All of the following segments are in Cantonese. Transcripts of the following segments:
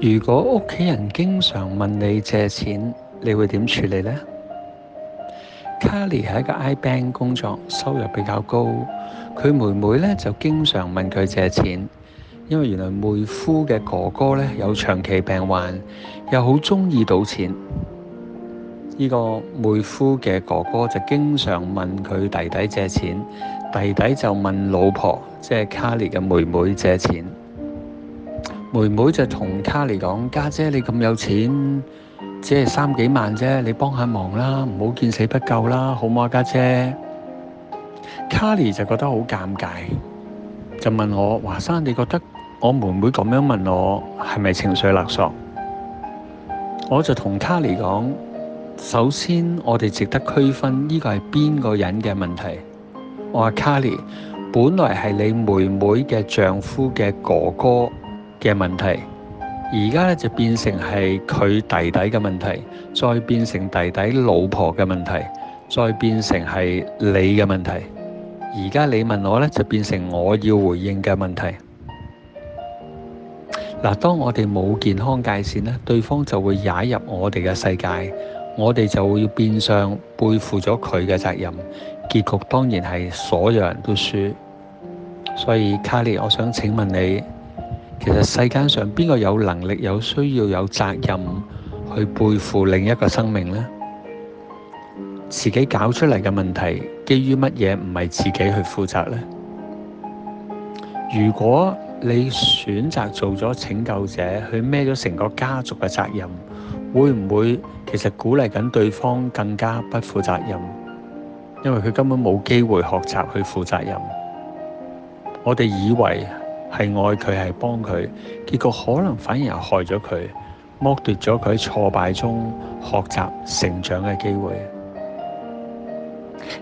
如果屋企人經常問你借錢，你會點處理呢？卡莉係一個 I bank 工作，收入比較高。佢妹妹呢就經常問佢借錢，因為原來妹夫嘅哥哥呢有長期病患，又好中意賭錢。呢、這個妹夫嘅哥哥就經常問佢弟弟借錢，弟弟就問老婆，即係卡莉嘅妹妹借錢。妹妹就同卡莉講：家姐，姐你咁有錢，即係三幾萬啫，你幫下忙啦，唔好見死不救啦，好嗎？家姐卡莉就覺得好尷尬，就問我華山：你覺得我妹妹咁樣問我係咪情緒勒索？我就同卡莉講：首先我哋值得區分呢個係邊個人嘅問題。我話卡莉，本來係你妹妹嘅丈夫嘅哥哥。嘅問題，而家咧就變成係佢弟弟嘅問題，再變成弟弟老婆嘅問題，再變成係你嘅問題。而家你問我咧，就變成我要回應嘅問題。嗱，當我哋冇健康界線呢，對方就會踩入我哋嘅世界，我哋就會變相背負咗佢嘅責任，結局當然係所有人都輸。所以，卡莉，我想請問你。其實世間上邊個有能力、有需要、有責任去背負另一個生命呢？自己搞出嚟嘅問題，基於乜嘢唔係自己去負責呢？如果你選擇做咗拯救者，去孭咗成個家族嘅責任，會唔會其實鼓勵緊對方更加不負責任？因為佢根本冇機會學習去負責任。我哋以為。係愛佢，係幫佢，結果可能反而又害咗佢，剝奪咗佢挫敗中學習成長嘅機會。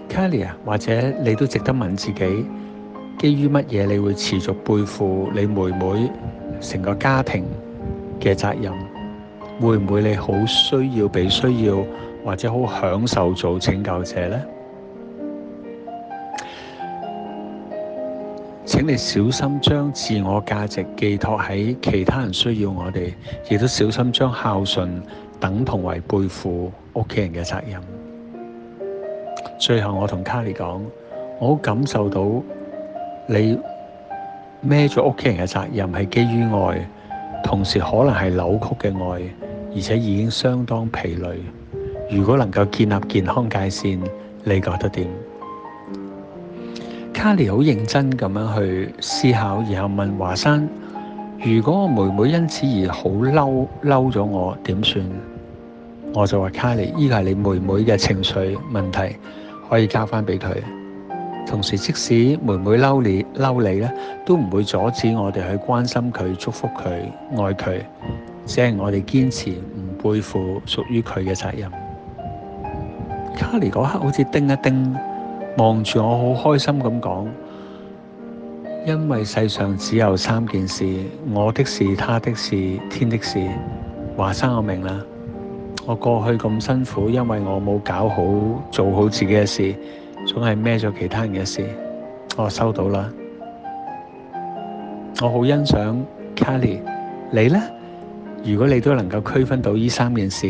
Kalia，或者你都值得問自己，基於乜嘢，你會持續背負你妹妹成個家庭嘅責任？會唔會你好需要被需要，或者好享受做拯救者呢？請你小心將自我價值寄託喺其他人需要我哋，亦都小心將孝順等同為背負屋企人嘅責任。最後我，我同卡莉講，我感受到你孭咗屋企人嘅責任係基於愛，同時可能係扭曲嘅愛，而且已經相當疲累。如果能夠建立健康界線，你覺得點？卡莉好認真咁樣去思考，然後問華山：如果我妹妹因此而好嬲嬲咗我點算？我就話卡莉，依個係你妹妹嘅情緒問題，可以交翻俾佢。同時，即使妹妹嬲你嬲你咧，都唔會阻止我哋去關心佢、祝福佢、愛佢，只係我哋堅持唔背負屬於佢嘅責任。卡莉嗰刻好似叮一叮。望住我，好開心咁講，因為世上只有三件事：我的事、他的事、天的事。華山，我明啦，我過去咁辛苦，因為我冇搞好做好自己嘅事，總係孭咗其他人嘅事。我收到啦，我好欣賞 Carrie，你呢？如果你都能夠區分到呢三件事，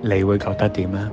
你會覺得點啊？